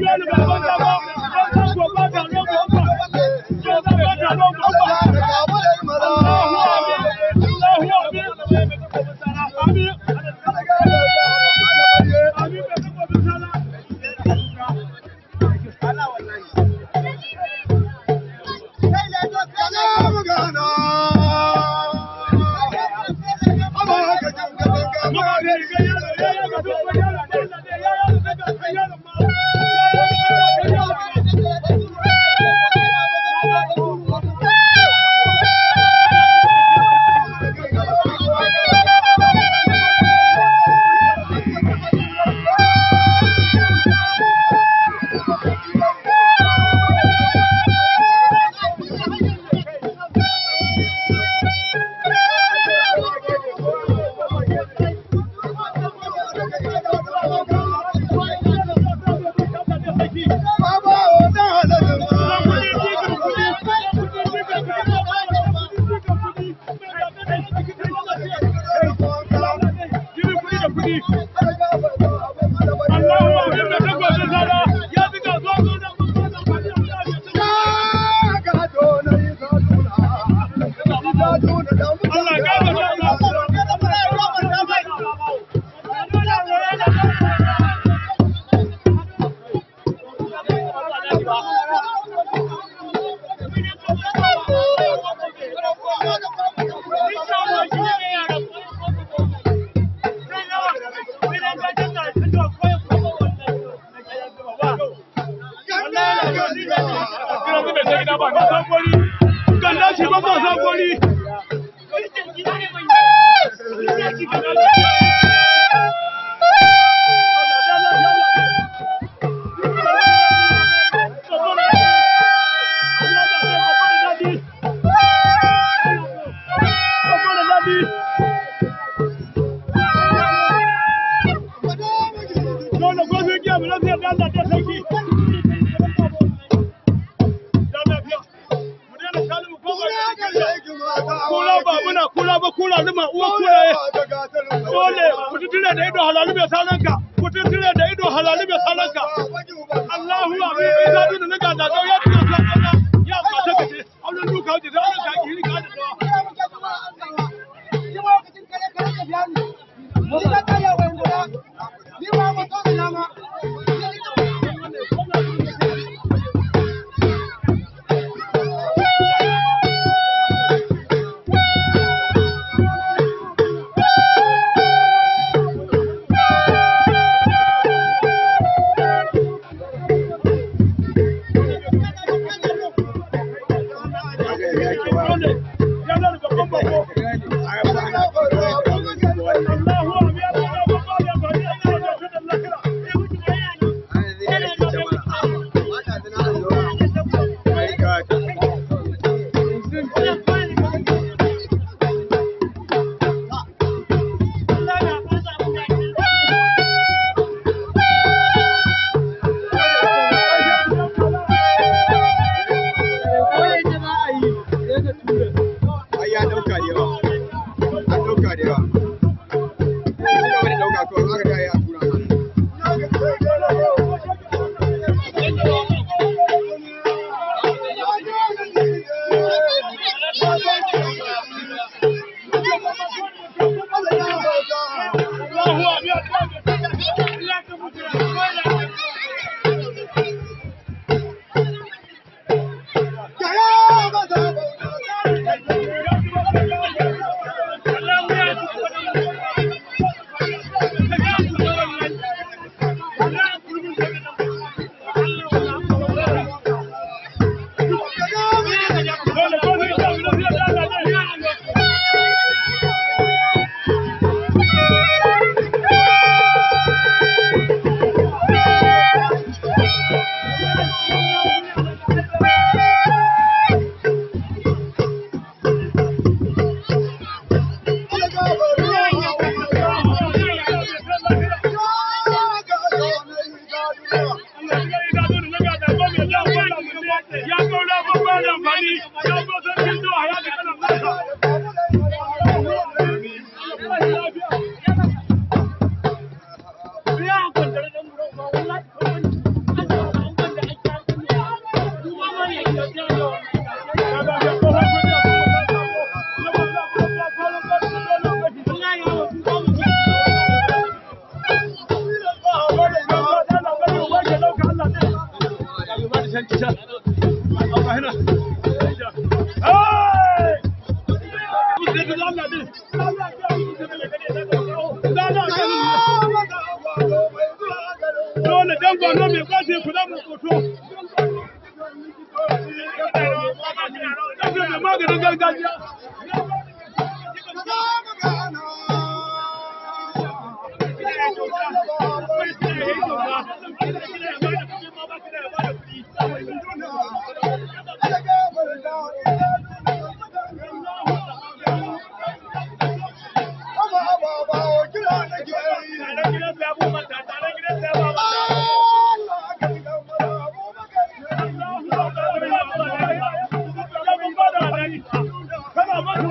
Thank you. kula ba muna kula ba kula ni ma uwa kula ye dole ku tuntule da ido halali bai sanan ka ku tuntule da ido halali bai sanan ka Allahu amin ina duna na ga da ya tuna sanan ya ba ta kace Allah duka wuce da Allah ka kiri ka da Ni ma mutum na ma Kana ba su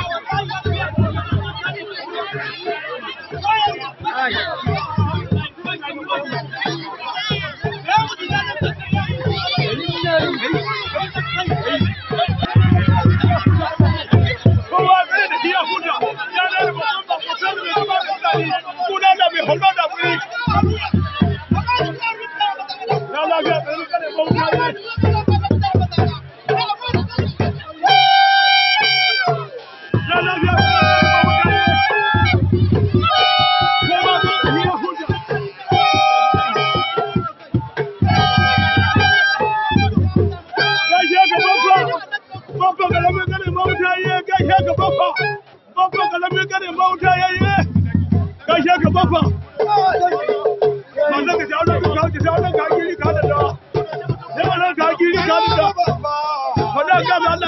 ¡Ay, Dios Gabala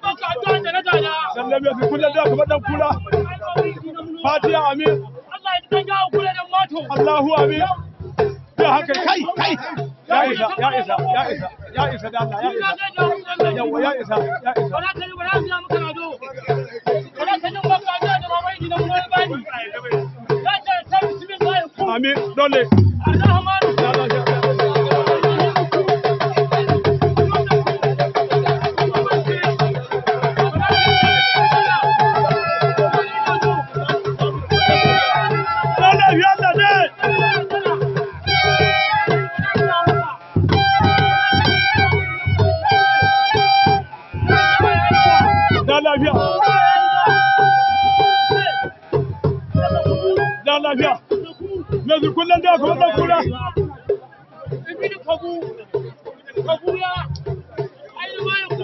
mai kullum da kamar dan kula fatiya amin ya kula dan Allahu amin haka kai kai ya isa ya isa ya isa ya isa da Allah ya isa ya isa ya isa ka ka amin dole